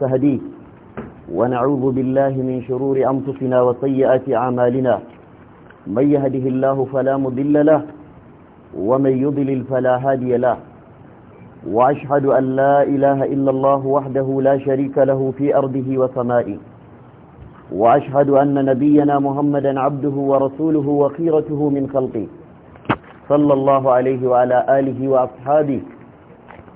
فهديه ونعوذ بالله من شرور أنفسنا وسيئات أعمالنا من يهده الله فلا مضل له ومن يضلل فلا هادي له وأشهد أن لا إله إلا الله وحده لا شريك له في أرضه وسمائه وأشهد أن نبينا محمدا عبده ورسوله وخيرته من خلقه صلى الله عليه وعلى آله وأصحابه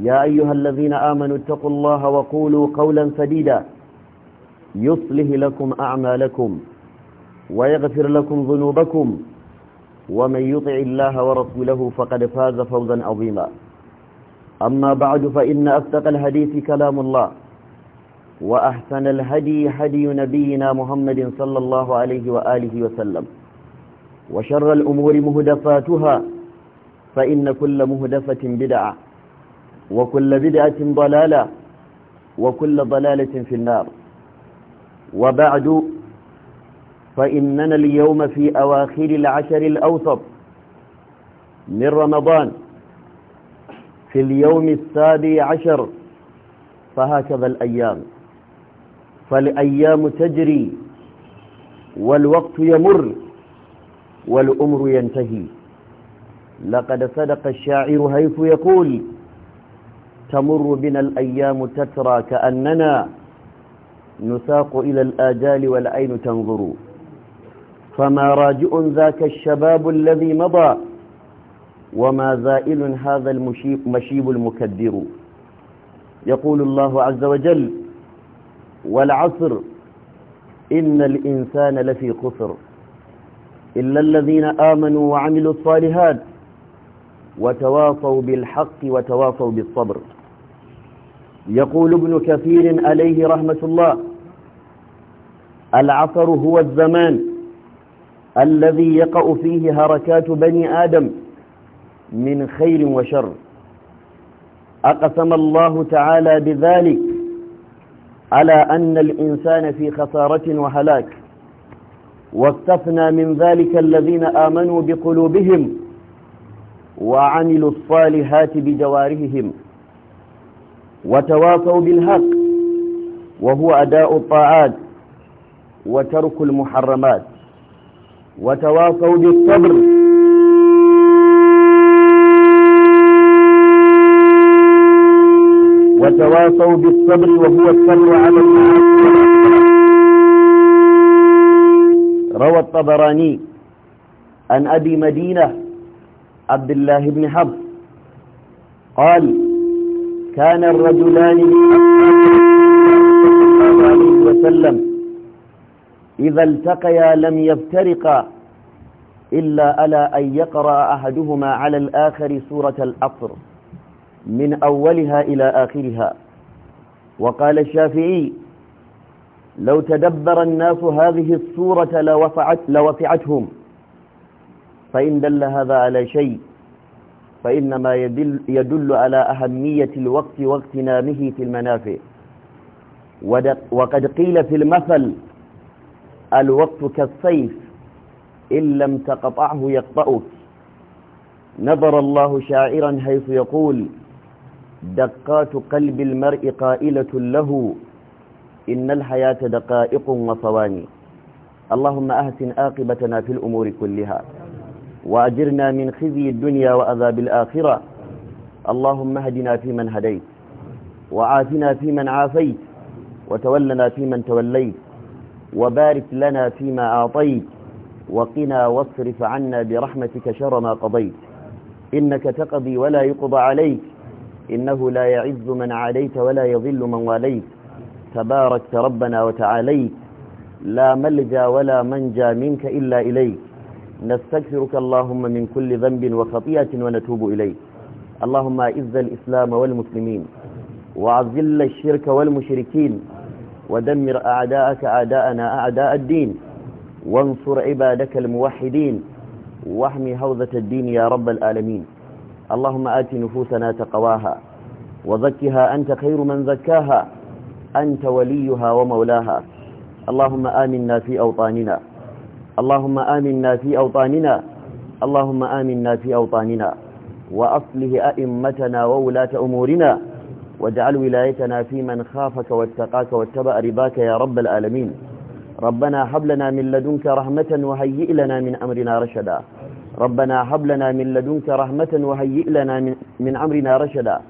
يا أيها الذين آمنوا اتقوا الله وقولوا قولا سديدا يصلح لكم أعمالكم ويغفر لكم ذنوبكم ومن يطع الله ورسوله فقد فاز فوزا عظيما أما بعد فإن أصدق الحديث كلام الله وأحسن الهدي هدي نبينا محمد صلى الله عليه وآله وسلم وشر الأمور مهدفاتها فإن كل مهدفة بدعة وكل بدعة ضلالة وكل ضلالة في النار وبعد فإننا اليوم في أواخر العشر الأوسط من رمضان في اليوم السابع عشر فهكذا الأيام فالأيام تجري والوقت يمر والأمر ينتهي لقد صدق الشاعر حيث يقول تمر بنا الأيام تترى كأننا نساق إلى الآجال والعين تنظر فما راجع ذاك الشباب الذي مضى وما زائل هذا المشيب المكدر يقول الله عز وجل والعصر إن الإنسان لفي قصر إلا الذين آمنوا وعملوا الصالحات وتواصوا بالحق وتواصوا بالصبر يقول ابن كثير عليه رحمة الله العصر هو الزمان الذي يقع فيه هركات بني آدم من خير وشر أقسم الله تعالى بذلك على أن الإنسان في خسارة وهلاك واستثنى من ذلك الذين آمنوا بقلوبهم وعملوا الصالحات بجوارحهم وتواصوا بالحق وهو أداء الطاعات وترك المحرمات وتواصوا بالصبر وتواصوا بالصبر وهو الصبر على روى الطبراني عن أبي مدينة عبد الله بن حفص قال كان الرجلان صلى الله عليه وسلم إذا التقيا لم يفترقا إلا ألا أن يقرأ أحدهما على الآخر سورة الأطر من أولها إلى آخرها وقال الشافعي لو تدبر الناس هذه السورة لوفعت لوفعتهم فإن دل هذا على شيء فإنما يدل, يدل على أهمية الوقت واغتنامه في المنافع وقد قيل في المثل الوقت كالسيف إن لم تقطعه يقطعك نظر الله شاعرا حيث يقول دقات قلب المرء قائلة له إن الحياة دقائق وصواني اللهم أهسن آقبتنا في الأمور كلها وأجرنا من خزي الدنيا وأذاب الآخرة اللهم اهدنا فيمن هديت وعافنا فيمن عافيت وتولنا فيمن توليت وبارك لنا فيما أعطيت وقنا واصرف عنا برحمتك شر ما قضيت إنك تقضي ولا يقضى عليك إنه لا يعز من عاديت ولا يضل من واليت تباركت ربنا وتعاليت لا ملجا ولا منجا منك إلا إليك نستغفرك اللهم من كل ذنب وخطيئة ونتوب إليك اللهم أعز الإسلام والمسلمين وعزل الشرك والمشركين ودمر أعداءك أعداءنا أعداء الدين وانصر عبادك الموحدين واحمي حوزة الدين يا رب العالمين اللهم آت نفوسنا تقواها وزكها أنت خير من زكاها أنت وليها ومولاها اللهم آمنا في أوطاننا اللهم آمنا في أوطاننا اللهم آمنا في أوطاننا وأصله أئمتنا وولاة أمورنا واجعل ولايتنا في من خافك واتقاك واتبع رباك يا رب العالمين ربنا هب لنا من لدنك رحمة وهيئ لنا من أمرنا رشدا ربنا هب لنا من لدنك رحمة وهيئ لنا من, من أمرنا رشدا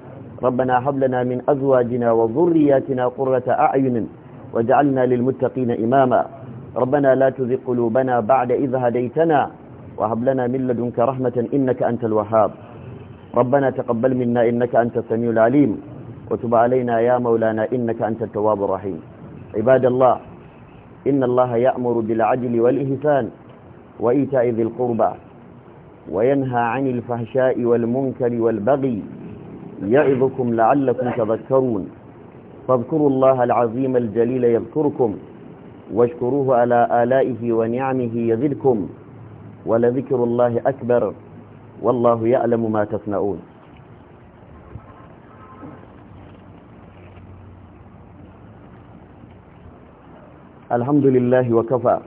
ربنا هب لنا من أزواجنا وذرياتنا قرة أعين واجعلنا للمتقين إماما ربنا لا تذق قلوبنا بعد إذ هديتنا وهب لنا من لدنك رحمة إنك أنت الوهاب ربنا تقبل منا إنك أنت السميع العليم وتب علينا يا مولانا إنك أنت التواب الرحيم عباد الله إن الله يأمر بالعدل والإحسان وإيتاء ذي القربى وينهى عن الفحشاء والمنكر والبغي يعظكم لعلكم تذكرون فاذكروا الله العظيم الجليل يذكركم واشكروه على آلائه ونعمه يزدكم ولذكر الله أكبر والله يعلم ما تصنعون الحمد لله وكفى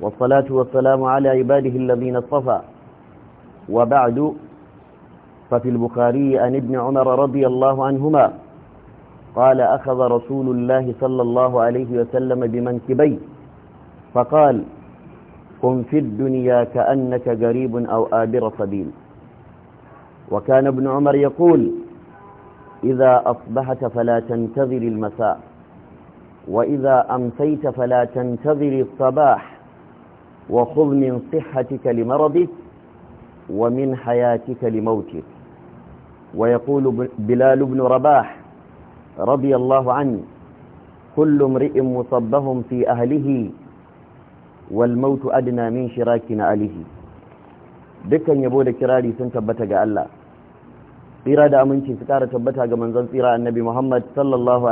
والصلاة والسلام على عباده الذين اصطفى وبعد ففي البخاري عن ابن عمر رضي الله عنهما قال أخذ رسول الله صلى الله عليه وسلم بمنكبي فقال كن في الدنيا كأنك غريب أو آبر سبيل وكان ابن عمر يقول إذا أصبحت فلا تنتظر المساء وإذا أمسيت فلا تنتظر الصباح وخذ من صحتك لمرضك ومن حياتك لموتك ويقول بلال بن رباح رضي الله عنه كل امرئ مصبهم في أهله والموت أدنى من شراكنا عليه dukkan yabo da kirari sun tabbata ga Allah tsira da aminci su kara tabbata ga manzon tsira annabi Muhammad sallallahu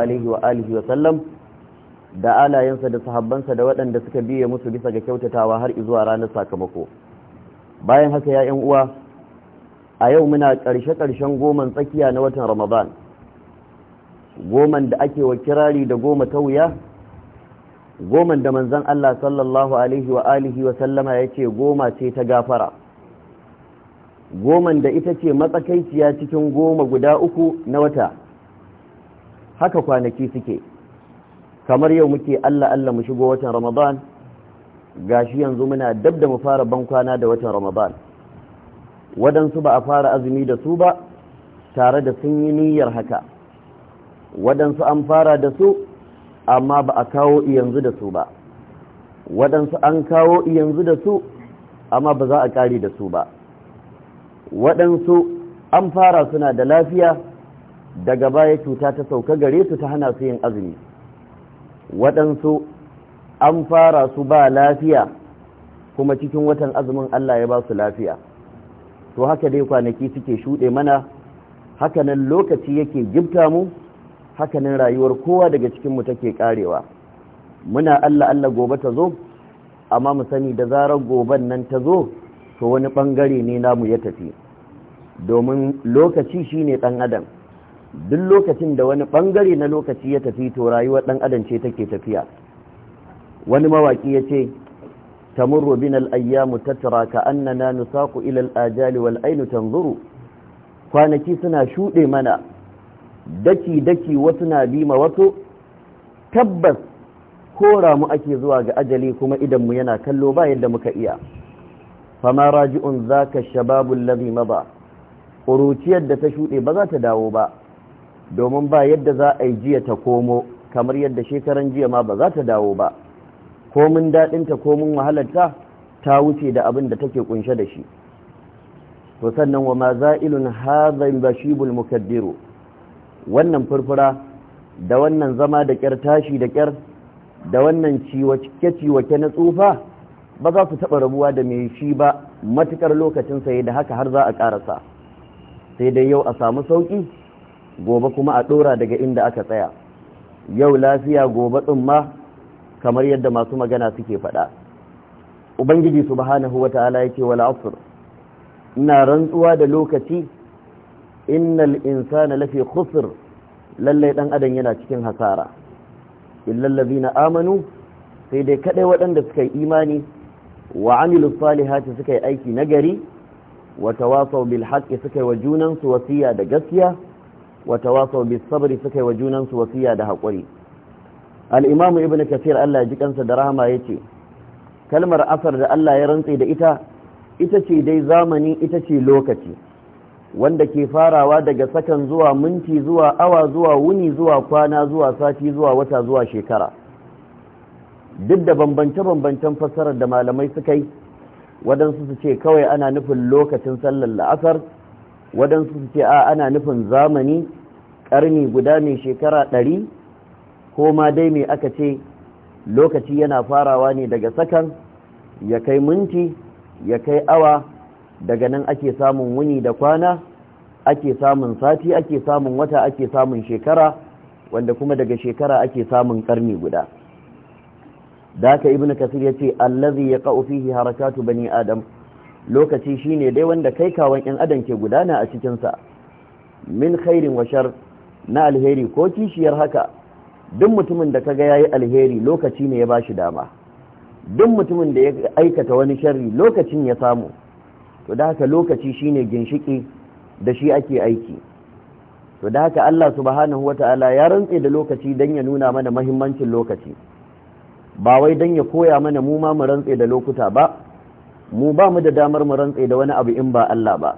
da alayensa da sahabbansa da waɗanda suka biye musu bisa ga kyautatawa har zuwa ranar sakamako bayan haka ya 'yan uwa a yau muna ƙarshe-ƙarshen goman tsakiya na watan Ramadan goman da ake wa kirari da goma ta wuya goman da manzan Allah sallallahu alaihi wa alihi wa sallama ya ce goma ce ta gafara goman da ita ce matsakaiciya cikin goma guda uku na wata haka kwanaki suke kamar yau muke Allah Allah mu shigo watan Ramadan gashi yanzu muna dab da mu fara bankwana da watan Ramadan wadansu ba a fara azumi da su ba tare da sun yi niyyar haka waɗansu an fara da su amma ba a kawo yanzu da su ba waɗansu an kawo yanzu da su amma ba za a ƙari da su ba waɗansu an fara suna da lafiya daga baya cuta ta sauka gare su ta hana su yin azumi waɗansu an fara su ba lafiya kuma cikin watan azumin Allah ya ba su lafiya to haka dai kwanaki suke shuɗe mana hakanan lokaci yake gifta mu hakanin rayuwar kowa daga cikin mu take karewa muna Allah Allah gobe ta zo amma mu sani da zarar goben nan ta zo to wani bangare ne namu ya tafi domin lokaci shine dan adam duk lokacin da wani bangare na lokaci ya tafi to rayuwar dan adam ce take tafiya wani mawaki ya ce tamurru bin al'ayyamu tattara ka annana nusaku ilal ajali wal ainu tanzuru kwanaki suna shuɗe mana daki-daki wasu na bima wasu tabbas kora mu ake zuwa ga ajali kuma idan mu yana kallo ba yadda muka iya fama raji'un za ka shababun lazima ba ƙuruciyar da ta shuɗe ba za ta dawo ba domin ba yadda za a yi jiya ta komo kamar yadda shekaran jiya ma ba za ta dawo ba komin daɗinta mun wahalarta ta wuce da abin da take kunshe da shi to sannan wa ma za'ilun hadha bashibul mukaddiru wannan furfura da wannan zama da kyar tashi da kyar da wannan cike ciwake na tsufa ba za su taɓa rabuwa da mai shi ba matuƙar lokacin sai da haka har za a ƙarasa sai dai yau a samu sauƙi gobe kuma a ɗora daga inda aka tsaya yau lafiya gobe tsumma kamar yadda masu magana suke faɗa ubangiji subhanahu wata'ala yake wal asr ina rantsuwa da lokaci innal insana lafi khusr lallai dan adam yana cikin hasara illal ladina amanu sai dai kadai waɗanda suka yi imani wa amilu salihati suka yi aiki nagari wa tawasaw bil haqqi suka yi wa su wasiya da gaskiya wa tawasaw bis sabri suka yi wa su wasiya da hakuri al imamu ibnu kathir Allah ya ji kansa da rahama yace kalmar asar da Allah ya rantse da ita ita ce dai zamani ita ce lokaci wanda ke farawa daga sakan zuwa minti zuwa awa zuwa wuni zuwa kwana zuwa sati zuwa wata zuwa shekara duk da bambance-bambancen fassarar da malamai suka yi waɗansu su ce kawai ana nufin lokacin sallar la'asar waɗansu su ce a ana nufin zamani ƙarni guda mai shekara ɗari ko ma dai mai aka ce lokaci yana farawa ne daga sakan ya kai minti ya kai awa daga nan ake samun wuni da kwana ake samun sati ake samun wata ake samun shekara wanda kuma daga shekara ake samun karni guda da haka ibn kasir yace allazi yaqa'u fihi harakatu bani adam lokaci shine dai wanda kai kawan yan adam ke gudana a cikin sa min khairin wa shar na alheri ko kishiyar haka duk mutumin da kaga yayi alheri lokaci ne ya bashi dama duk mutumin da ya aikata wani sharri lokacin ya samu to da haka lokaci shine ginshiki da shi ake aiki to da haka Allah subhanahu wata'ala ya rantse da lokaci dan ya nuna mana mahimmancin lokaci ba wai dan ya koya mana mu ma mu rantse da lokuta ba mu ba mu da damar mu rantse da wani abu in ba Allah ba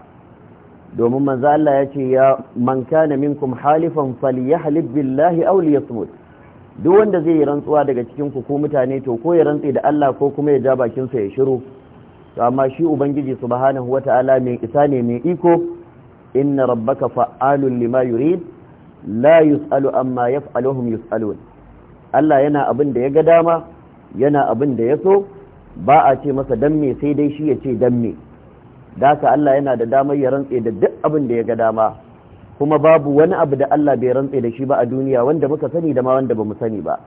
domin manzo Allah ya ce ya man kana minkum halifan falyahlib billahi aw liyasmut duk wanda zai yi rantsuwa daga cikin ku ko mutane to ko ya rantse da Allah ko kuma ya ja bakin sa ya shiru to amma shi ubangiji subhanahu wata'ala mai isa ne mai iko inna rabbaka fa'alun lima yurid la yus'alu amma yaf'aluhum yus'alun Allah yana abin da ya ga dama yana abin da ya so ba a ce masa dan me sai dai shi ya ce dan me daka Allah yana da damar ya rantse da duk abin da ya ga dama kuma babu wani abu da Allah bai rantse da shi ba a duniya wanda muka sani da ma wanda bamu sani ba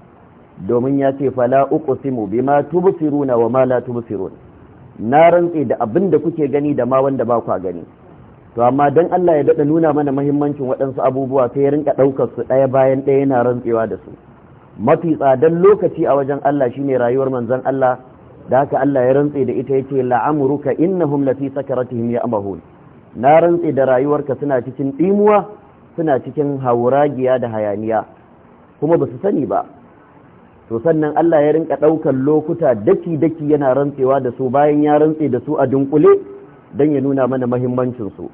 domin ya ce fala uqsimu bima tubsiruna wa ma la tubsiruna na rantse da abin da kuke gani da ma wanda ba kwa gani to amma dan Allah ya dada nuna mana muhimmancin waɗansu abubuwa sai ya rinka ɗaukar su ɗaya bayan ɗaya yana rantsewa da su mafi tsadan lokaci a wajen Allah shine rayuwar manzon Allah da haka Allah ya rantse da ita yace la'amruka innahum lafi sakaratihim ya'mahun na rantse da rayuwarka suna cikin dimuwa suna cikin hawuragiya da hayaniya kuma ba su sani ba to sannan Allah ya rinka ɗaukar lokuta daki-daki yana rantsewa da su bayan ya rantse da su a dunkule don ya nuna mana mahimmancinsu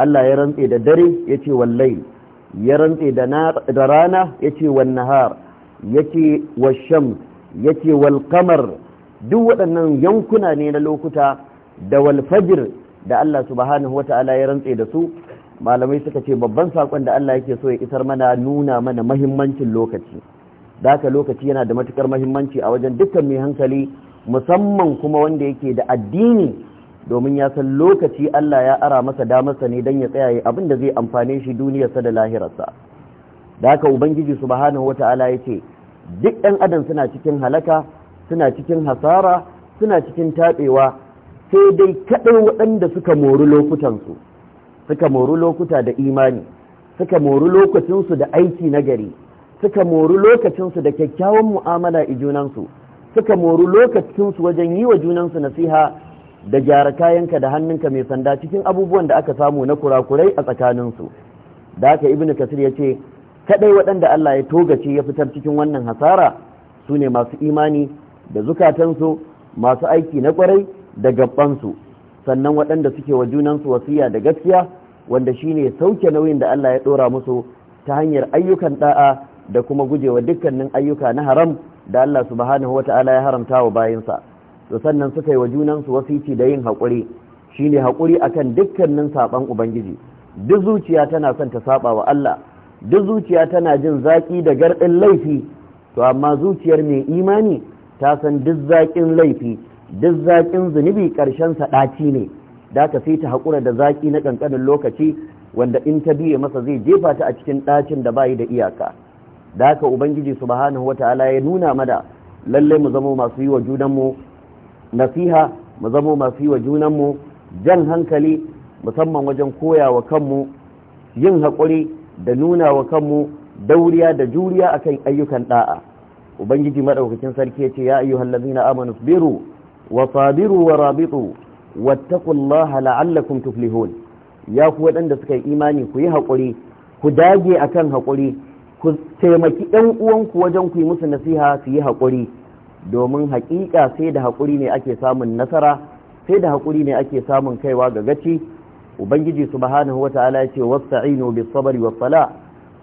Allah ya rantse da dare ya ce wallai ya rantse da rana ya ce wannahar ya ce washam ya ce walkamar duk waɗannan yankuna ne na lokuta da walfajir da Allah subhanahu wata'ala ya rantse da su malamai suka ce babban saƙon da Allah yake so ya isar mana nuna mana mahimmancin lokaci da lokaci yana da matukar mahimmanci a wajen dukkan mai hankali musamman kuma wanda yake da addini domin ya san lokaci Allah ya ara masa damarsa ne don ya tsayaye abin da zai amfane shi duniyarsa da lahirarsa da haka ubangiji wata wata'ala ya ce duk ɗan adam suna cikin halaka suna cikin hasara suna cikin taɓewa sai dai kaɗai waɗanda suka mori lokutansu suka mori lokuta da imani suka mori lokacinsu da aiki na gari suka mori lokacinsu da kyakkyawan mu'amala i junansu suka mori lokacinsu wajen yi wa junansu nasiha da gyara kayanka da hannunka mai sanda cikin abubuwan da aka samu na kurakurai a tsakaninsu da haka ibn kasir ya ce kaɗai waɗanda Allah ya togace ya fitar cikin wannan hasara su ne masu imani da zukatansu masu aiki na kwarai da gaɓansu, sannan waɗanda suke wa junansu wasiya da gaskiya wanda shine sauke nauyin da Allah ya ɗora musu ta hanyar ayyukan da'a da kuma gujewa dukkanin ayyuka na haram da Allah subhanahu wata'ala ya haramta wa bayinsa to sannan suka yi wa junansu wasici da yin haƙuri shine haƙuri akan dukkanin saban ubangiji duk zuciya tana son ta saba wa Allah duk zuciya tana jin zaƙi da garɗin laifi to amma zuciyar mai imani ta san duk zaƙin laifi duk zaƙin zunubi ƙarshen ɗaci ne da ka sai ta haƙura da zaƙi na ƙanƙanin lokaci wanda in ta biye masa zai jefa ta a cikin ɗacin da bayi da iyaka da haka ubangiji subhanahu wataala ya nuna mada lalle mu zamo masu yi wa junanmu nasiha mu zamo masu yi wa junanmu jan hankali musamman wajen koya wa kanmu yin haƙuri da nuna wa kanmu dauriya da juriya akan ayyukan da'a ubangiji madaukakin sarki ya ce ya ayyuhal ladzina amanu biru wa sabiru wa rabitu wattaqullaha la'allakum tuflihun ya ku waɗanda suka yi imani ku yi haƙuri ku dage akan haƙuri ku taimaki ɗan uwanku wajen ku yi musu nasiha su yi haƙuri domin haƙiƙa sai da haƙuri ne ake samun nasara sai da haƙuri ne ake samun kaiwa ga gaci ubangiji subhanahu wata'ala ya ce wasta'inu bis sabri was sala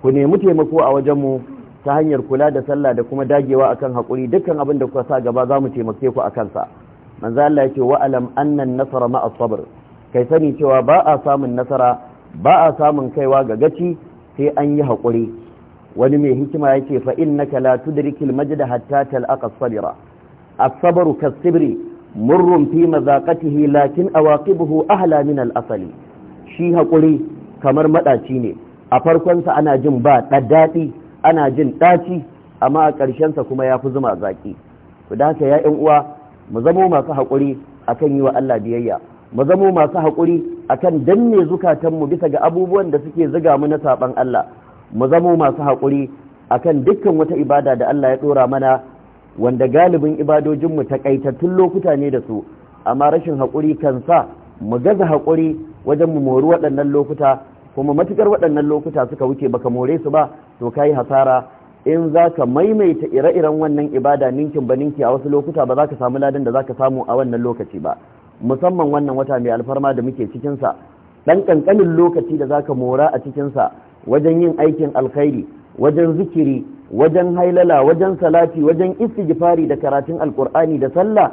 ku nemi taimako a wajen mu ta hanyar kula da sallah da kuma dagewa akan haƙuri dukkan abin da kuka sa gaba za mu taimake ku akan sa manzo Allah ya ce wa alam annan nasara ma'a sabr kai sani cewa ba a samun nasara ba a samun kaiwa ga gaci sai an yi haƙuri wani mai hikima ya ke fa innaka la tudrikil majda hatta talqa sabira as-sabru kas-sibri murrun fi mazaqatihi lakin awaqibuhu ahla min al-asali shi hakuri kamar madaci ne a farkon sa ana jin ba daɗi ana jin daci amma a ƙarshen sa kuma yafi zuma zaki to da haka ya 'yan uwa mu zamo masu hakuri akan yi wa Allah biyayya mu zamo masu hakuri akan danne zukatanmu bisa ga abubuwan da suke ziga mu na saban Allah mu zamo masu haƙuri a kan dukkan wata ibada da Allah ya ɗora mana wanda galibin ibadojinmu takaitattun lokuta ne da su amma rashin haƙuri kan sa mu gaza haƙuri wajen mu mori waɗannan lokuta kuma matuƙar waɗannan lokuta suka wuce baka more su ba to ka yi hasara in za ka maimaita ire-iren wannan ibada ninkin ba ninki a wasu lokuta ba za ka samu ladan da za ka samu a wannan lokaci ba musamman wannan wata mai alfarma da muke cikinsa ɗan ƙanƙanin lokaci da za ka mora a cikinsa wajen yin aikin alkhairi wajen zikiri wajen hailala wajen salati wajen istighfari da karatun alkur'ani da sallah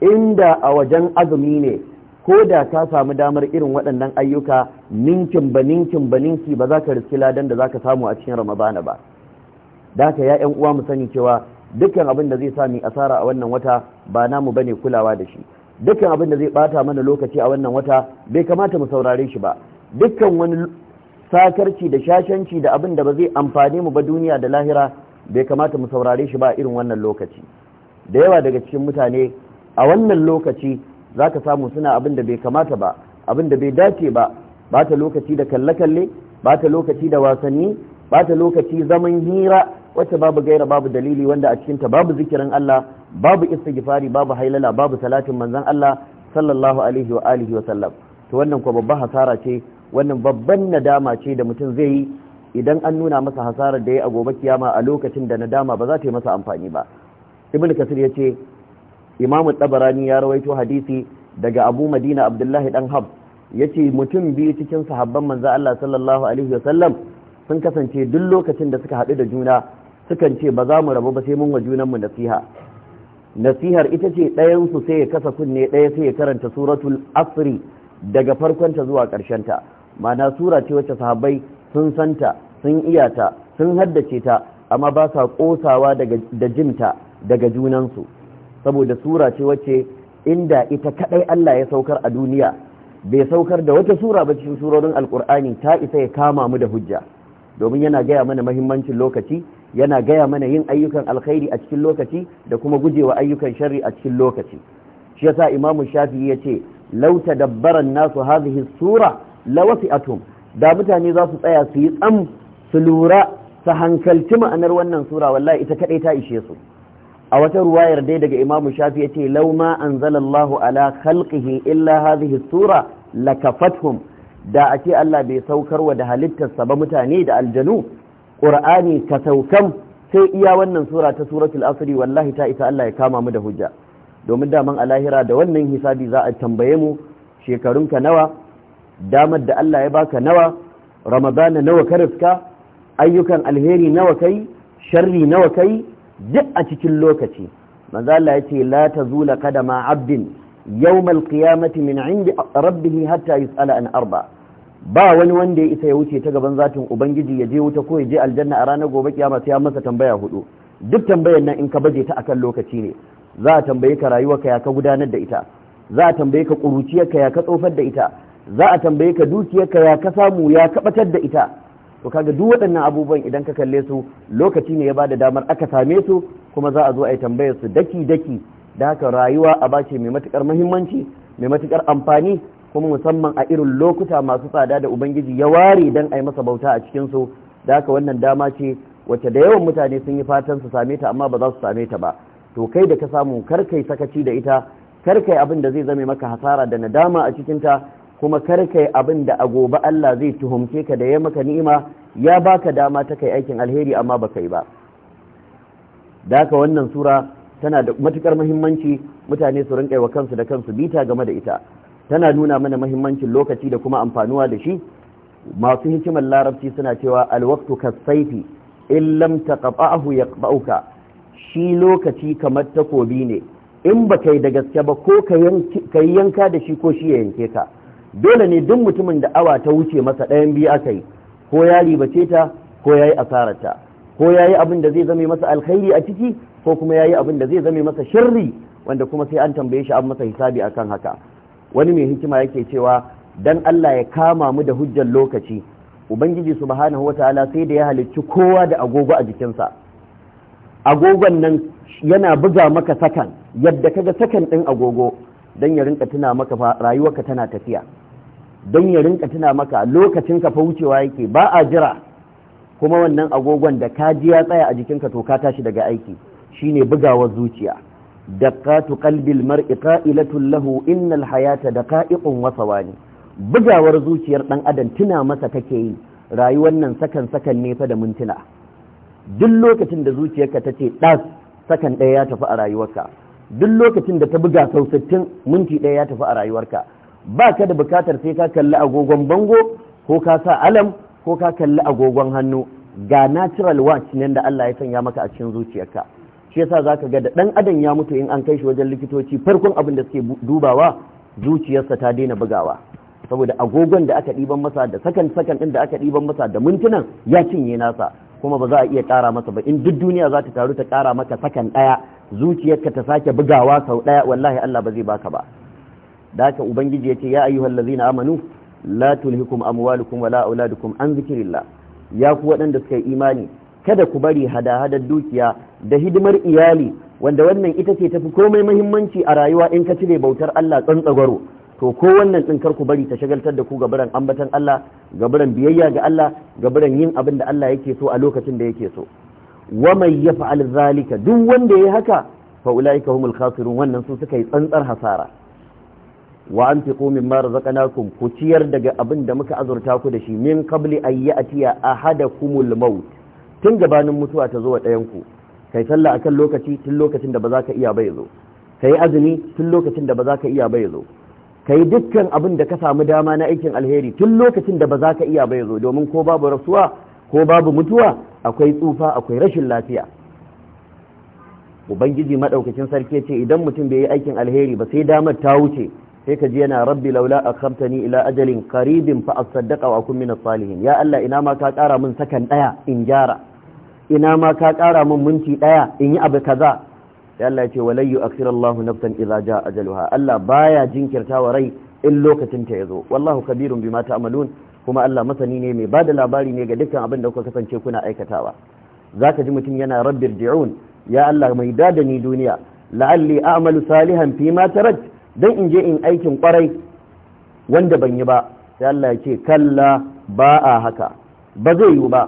inda a wajen azumi ne ko da ka samu damar irin waɗannan ayyuka ninkin ba ninkin ba ninki ba za ka riski ladan da za ka samu a cikin ramadana ba da ka ya yan uwa mu sani cewa dukkan abin da zai sami asara a wannan wata ba namu bane kulawa da shi dukkan abin da zai bata mana lokaci a wannan wata bai kamata mu saurare shi ba dukkan wani sakarci da shashanci da abin da ba zai amfani mu ba duniya da lahira bai kamata mu saurare shi ba irin wannan lokaci da yawa daga cikin mutane a wannan lokaci za ka samu suna abin da bai kamata ba abin da bai dace ba ba ta lokaci da kalle-kalle ba ta lokaci da wasanni ba ta lokaci zaman hira wacce babu gaira babu dalili wanda a cikinta babu zikirin Allah babu istighfari babu hailala babu salatin manzon Allah sallallahu alaihi wa alihi wa sallam to wannan ko babba hasara ce wannan babban nadama ce da mutum zai yi idan an nuna masa hasarar da ya a gobe kiyama a lokacin da nadama ba za ta yi masa amfani ba ibn kasir ya ce imamu tabarani ya rawaito hadisi daga abu madina abdullahi dan hab ya ce mutum biyu cikin sahabban manza allah sallallahu alaihi wasallam sun kasance duk lokacin da suka haɗu da juna sukan ce ba za mu rabu ba sai mun wa junanmu nasiha nasihar ita ce ɗayansu sai ya kasa kunne ɗaya sai ya karanta suratul asri daga farkonta zuwa ƙarshenta ma'ana sura ce wacce sahabbai sun santa sun iyata sun haddace ta amma ba sa kosawa da jinta daga junansu saboda sura ce wacce inda ita kadai Allah ya saukar a duniya bai saukar da wata sura ba cikin surorin alkur'ani ta isa ya kama mu da hujja domin yana gaya mana mahimmancin lokaci yana gaya mana yin ayyukan alkhairi a cikin lokaci da kuma gujewa ayyukan sharri a cikin lokaci shi yasa imamu Shafi ya ce lauta dabbaran nasu hadhihi sura lawasi atom da mutane za su tsaya su yi tsam su lura su hankalci ma'anar wannan sura wallahi ita kadai ta ishe su a wata ruwayar dai daga imamu shafi yace lauma ma anzalallahu ala khalqihi illa hadhihi sura lakafathum da a ce Allah bai saukar wa da halittarsa ba mutane da aljanu qur'ani ka saukan sai iya wannan sura ta suratul asri wallahi ta isa Allah ya kama mu da hujja domin daman a lahira da wannan hisabi za a tambaye mu shekarunka nawa damar da Allah ya baka nawa ramadana nawa ka riska ayyukan alheri nawa kai sharri nawa kai duk a cikin lokaci manzo Allah ya ce la tazula qadama abdin yawmal qiyamati min indi rabbih hatta yus'ala an arba ba wani wanda ya isa ya wuce ta gaban zatin ubangiji ya je wuta ko ya je aljanna a ranar gobe kiyama sai ya masa tambaya hudu duk tambayar nan in ka baje ta akan lokaci ne za a tambaye ka rayuwarka ya ka gudanar da ita za a tambaye ka ƙuruciyarka ya ka tsofar da ita za a tambaye ka dukiyarka ya ka samu ya kabatar da ita to kaga duk waɗannan abubuwan idan ka kalle su lokaci ne ya bada damar aka same su kuma za a zo a yi tambayar su daki daki da haka rayuwa a bace mai matukar muhimmanci mai matukar amfani kuma musamman a irin lokuta masu tsada da ubangiji ya ware dan a yi masa bauta a cikin su da haka wannan dama ce wacce da yawan mutane sun yi fatan su same ta amma ba za su same ta ba to kai da ka samu kar kai sakaci da ita kar kai abin da zai zame maka hasara da nadama a cikin ta kuma karkai abin da a gobe Allah zai tuhumce ka da ya maka ni'ima ya baka dama ta kai aikin alheri amma ba yi ba da haka wannan sura tana da matukar muhimmanci mutane su rinƙa wa kansu da kansu bita game da ita tana nuna mana muhimmancin lokaci da kuma amfanuwa da shi masu hikimar larabci suna cewa alwaktu kasaifi in lam taqata'ahu yaqba'uka shi lokaci kamar takobi ne in ba kai da gaske ba ko ka yanka da shi ko shi ya yanke ka dole ne duk mutumin da awa ta wuce masa ɗayan biyu aka yi ko ya ribace ta ko ya yi asararta ko ya yi abin da zai zame masa alkhairi a ciki ko kuma ya yi abin da zai zame masa shirri wanda kuma sai an tambaye shi an masa hisabi akan haka wani mai hikima yake cewa dan Allah ya kama mu da hujjar lokaci ubangiji subhanahu wataala sai da ya halicci kowa da agogo a jikinsa agogon nan yana buga maka sakan yadda kaga sakan din agogo don ya rinka tuna maka fa rayuwarka tana tafiya don ya rinka tuna maka lokacin ka fa wucewa yake ba a jira kuma wannan agogon da ka ji ya tsaya a jikinka to ka tashi daga aiki shine bugawar zuciya daqatu qalbil mar'i qa'ilatun lahu innal hayata daqa'iqun wa sawani bugawar zuciyar dan adam tuna masa take yi rayuwar nan sakan sakan ne fa da mintuna duk lokacin da zuciyarka ta ce ɗas sakan ɗaya ya tafi a rayuwarka duk lokacin da ta buga sau minti ɗaya ya tafi a rayuwarka ba ka da bukatar sai ka kalli agogon bango ko ka sa alam ko ka kalli agogon hannu ga natural watch nan da Allah ya sanya maka a cikin zuciyarka shi yasa zaka ga da dan adam ya mutu in an kai shi wajen likitoci farkon abin da suke dubawa zuciyarsa ta daina bugawa saboda agogon da aka ɗiban masa da sakan sakan ɗin da aka ɗiban masa da mintunan ya cinye nasa kuma ba za a iya kara masa ba in duk duniya za ta taru ta kara maka sakan ɗaya zuciyarka ta sake bugawa sau daya wallahi Allah ba zai baka ba da ubangiji yace ya ayyuhal ladzina amanu la tulhikum amwalukum wala auladukum an zikrillah ya ku waɗanda suka yi imani kada ku bari hada-hadar dukiya da hidimar iyali wanda wannan ita ce tafi komai muhimmanci a rayuwa in ka cire bautar Allah tsantsagaro to ko wannan din kar ku bari ta shagaltar da ku gaburan ambatan Allah ga biran biyayya ga Allah ga biran yin abin da Allah yake so a lokacin da yake so wa ya yaf'al zalika duk wanda ya yi haka fa ulaika humul khasirun wannan su suka yi tsantsar hasara wa an anfiqu mara razaqnakum ku ciyar daga abin da muka azurta ku da shi min qabli a hada kumul maut tun gabanin mutuwa ta zo wa ɗayan kai sallah akan lokaci tun lokacin da ba za ka iya ba yazo kai azumi tun lokacin da ba za ka iya ba yazo kai dukkan abin da ka samu dama na aikin alheri tun lokacin da ba za ka iya ba zo, domin ko babu rasuwa ko babu mutuwa akwai tsufa akwai rashin lafiya ubangiji maɗaukacin sarki ce idan mutum bai yi aikin alheri ba sai damar ta wuce sai ka ji yana rabbi laula a akhamtani ila ajalin karibin fa asaddaqa wa akun min salihin ya Allah ina ma ka kara min sakan daya in gyara ina ma ka kara min minti ɗaya in yi abu kaza sai Allah ya ce walayyu akhirallahu nafsan idza jaa ajaluha Allah baya jinkirtawa rai in lokacin ta zo. wallahu kabirun bima ta'malun kuma Allah masani ne mai bada labari ne ga dukkan abin da kuka kasance kuna aikatawa zaka ji mutum yana rabbir di'un ya Allah mai dada ni duniya la'alli a'malu salihan fi ma tarat dan in je in aikin kwarai wanda ban yi ba sai Allah ya ce kalla ba a haka ba zai yi ba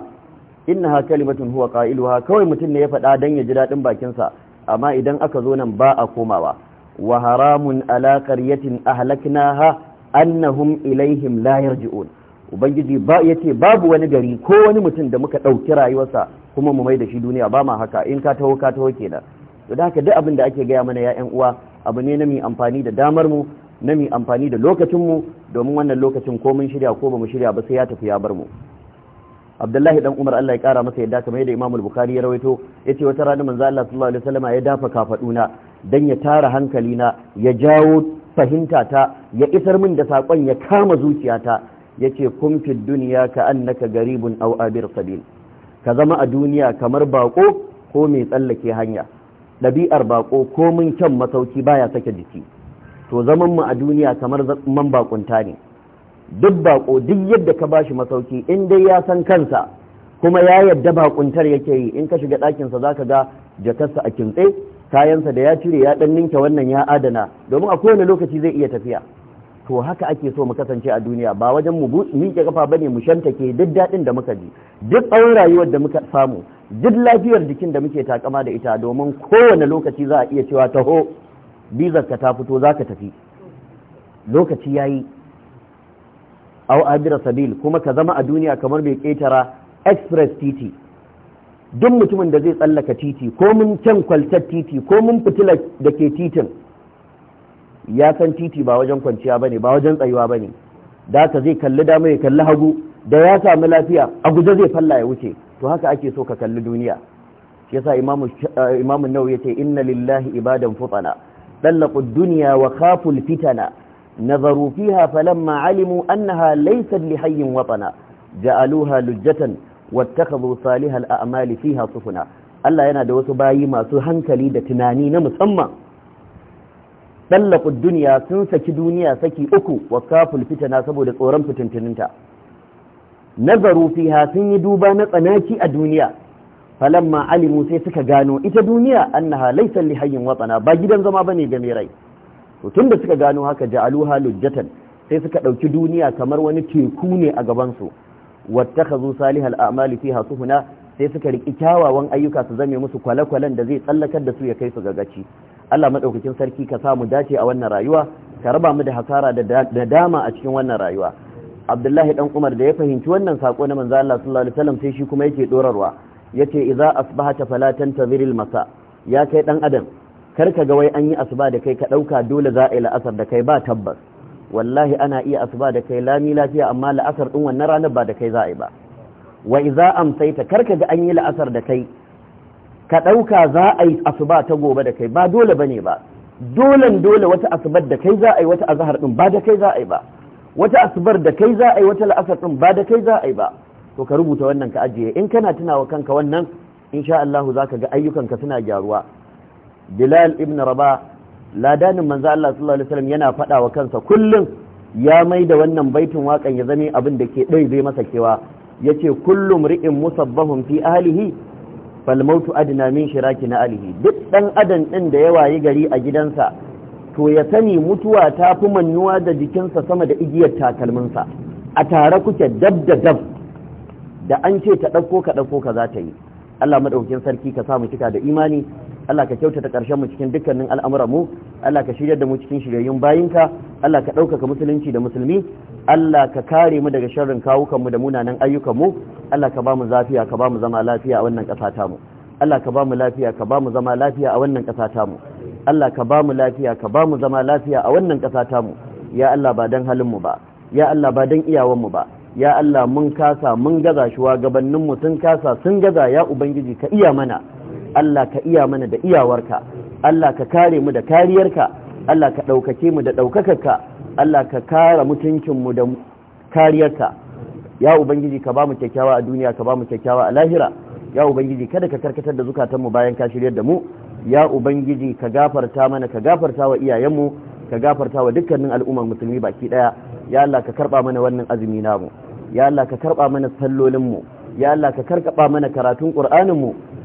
innaha kalimatun huwa qailuha kawai mutum ne ya faɗa dan ya ji daɗin bakin sa amma idan aka zo nan ba a komawa wa haramun ala qaryatin ahlaknaha annahum ilaihim la yarji'un ubangiji ba ya ce babu wani gari ko wani mutum da muka ɗauki rayuwarsa kuma mu mai da shi duniya ba ma haka in ka taho ka taho kenan to da haka duk abin da ake gaya mana ya yan uwa abu ne na mai amfani da damar mu na mai amfani da lokacin mu domin wannan lokacin ko mun shirya ko ba mu shirya ba sai ya tafi ya bar mu Abdullahi dan Umar Allah ya kara masa yadda kamar yadda Imam Bukhari ya rawaito ya ce wata rana manzo Allah sallallahu alaihi wasallam ya dafa kafaduna dan ya tara hankalina ya jawo fahimta ta ya isar min da sakon ya kama zuciyata yace kun fi duniya ka annaka garibun aw abir sabil ka zama a duniya kamar bako ko mai tsallake hanya ɗabi'ar bako ko mun kyan masauki baya sake jiki to zaman mu a duniya kamar man bakunta ne duk bako duk yadda ka bashi masauki in dai ya san kansa kuma ya yadda bakuntar yake yi in ka shiga ɗakinsa za ka ga jakarsa a kintse kayansa da ya cire ya ɗan ninke wannan ya adana domin a kowane lokaci zai iya tafiya to haka ake so mu kasance a duniya ba wajen mu miƙe kafa bane mu shantake duk daɗin da muka ji duk tsawon rayuwar da muka samu duk lafiyar jikin da muke takama da ita domin kowane lokaci za a iya cewa taho bizar ka ta fito za ka tafi lokaci ya yi. au abira sabil kuma ka zama a duniya kamar mai ƙetara express titi duk mutumin da zai tsallaka titi ko mun can kwaltar titi ko mun fitila da ke titin ya san titi ba wajen kwanciya bane ba wajen tsayuwa bane da ka zai kalli dama ya kalli hagu da ya samu lafiya a guje zai falla ya wuce to haka ake so ka kalli duniya shi yasa imamu eh, imamu ya yace inna lillahi ibadan futana dallaqu duniya dunya wa khafu fitana nazaru fiha falamma alimu annaha laysat li hayyin watana ja'aluha lujjatan wattakhadhu salihal a'mali fiha sufuna Allah yana da wasu bayi masu hankali da tunani na musamman tsallaku duniya sun saki duniya saki uku wa kaful fitana saboda tsoron fitintuninta nazaru fiha sun yi duba na tsanaki a duniya falamma alimu sai suka gano ita duniya annaha laysa lihayyin watsana ba gidan zama bane ga mai rai to tunda suka gano haka ja'aluha lujjatan sai suka dauki duniya kamar wani teku ne a gaban su wattakhazu salihal a'mali fiha suhuna sai suka riki kyawawan ayyuka su zame musu kwale da zai tsallakar da su ya kai su ga gaci Allah madaukakin sarki ka samu dace a wannan rayuwa ka raba mu da hasara da dama a cikin wannan rayuwa Abdullahi dan Umar da ya fahimci wannan sako na manzo Allah sallallahu alaihi wasallam sai shi kuma yake dorarwa yace idza asbahata fala tantaziril masa ya kai dan adam kar ka ga wai an yi asuba da kai ka dauka dole za a yi la'asar da kai ba tabbas wallahi ana iya asuba da kai lami lafiya amma la'asar din wannan ranar ba da kai za a yi ba wa idza amsayta kar ka ga an yi la'asar da kai ka ɗauka za a yi asuba ta gobe da kai ba dole ba ne ba dolen dole wata asubar da kai za a yi wata azahar ɗin ba da kai za a yi ba wata asubar da kai za a yi wata la'asar ɗin ba da kai za a yi ba to ka rubuta wannan ka ajiye in kana tunawa kanka wannan insha Allah za ka ga ayyukanka suna gyaruwa Bilal ibn Raba ladanin manzo Allah sallallahu alaihi wasallam yana faɗa wa kansa kullum ya mai da wannan baitin waƙan ya zame abin da ke ɗai zai masa kewa yace kullum ri'in musabbahun fi ahlihi falmautu adna min shiraki na alihi duk dan adam din da ya wayi gari a gidansa to ya sani mutuwa ta fi mannuwa da jikinsa sama da igiyar takalminsa a tare kuke dab da dab da an ce ta ɗauko ka ɗauko ka za ta yi Allah maɗaukin sarki ka samu kika da imani Allah ka kyautata ƙarshen mu cikin dukkanin al'amuran mu Allah ka shirya da mu cikin shiryayyun bayinka Allah ka ɗaukaka musulunci da musulmi Allah ka kare mu daga sharrin kawukan mu da munanan ayyukan mu Allah ka ba mu zafiya ka ba mu zama lafiya a wannan ƙasa ta mu Allah ka ba mu lafiya ka ba mu zama lafiya a wannan ƙasa ta mu Allah ka ba mu lafiya ka ba mu zama lafiya a wannan ƙasa ta mu ya Allah ba dan halin mu ba ya Allah ba dan iyawan mu ba ya Allah mun kasa mun gaza shuwa gabanin mu sun kasa sun gaza ya ubangiji ka iya mana Allah ka iya mana da iyawarka Allah ka kare mu da kariyarka Allah ka ɗaukake mu da ɗaukakarka Allah ka kare mutuncinmu da kariyarka ya ubangiji ka ba mu kyakkyawa a duniya ka ba mu kyakkyawa a lahira ya ubangiji kada ka karkatar da zukatanmu bayan ka shiryar da mu ya ubangiji ka gafarta mana ka gafarta wa iyayenmu ka gafarta wa dukkanin al'ummar musulmi baki daya ya Allah ka karba mana wannan azumi namu ya Allah ka karba mana sallolinmu. ya Allah ka karkaba mana karatun Qur'anin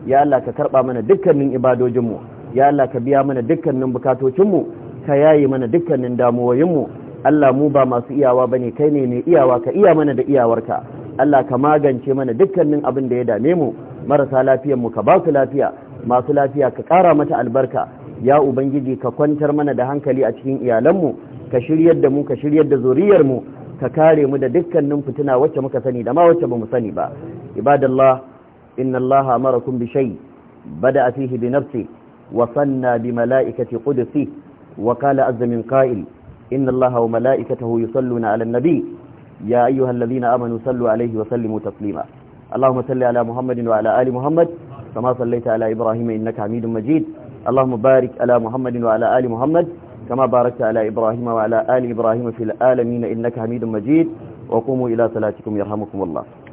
ya Allah ka karba mana dukkanin ibadojinmu ya Allah ka biya mana dukkanin bukatocinmu ka yaye mana dukkanin damuwoyinmu Allah mu ba masu iyawa bane kai ne mai iyawa ka iya mana da iyawarka Allah ka magance mana dukkanin abin da ya dame mu marasa lafiyar mu ka ba su lafiya masu lafiya ka kara mata albarka ya ubangiji ka kwantar mana da hankali a cikin iyalanmu ka shiryar da mu ka shiryar da zuriyar mu ka kare mu da dukkanin fitina wacce muka sani da ma wacce bamu sani ba ibadallah إن الله أمركم بشيء بدأ فيه بنفسه وصنى بملائكة قدسه وقال عز من قائل إن الله وملائكته يصلون على النبي يا أيها الذين آمنوا صلوا عليه وسلموا تسليما اللهم صل على محمد وعلى آل محمد كما صليت على إبراهيم إنك حميد مجيد اللهم بارك على محمد وعلى آل محمد كما باركت على إبراهيم وعلى آل إبراهيم في العالمين إنك حميد مجيد وقوموا إلى صلاتكم يرحمكم الله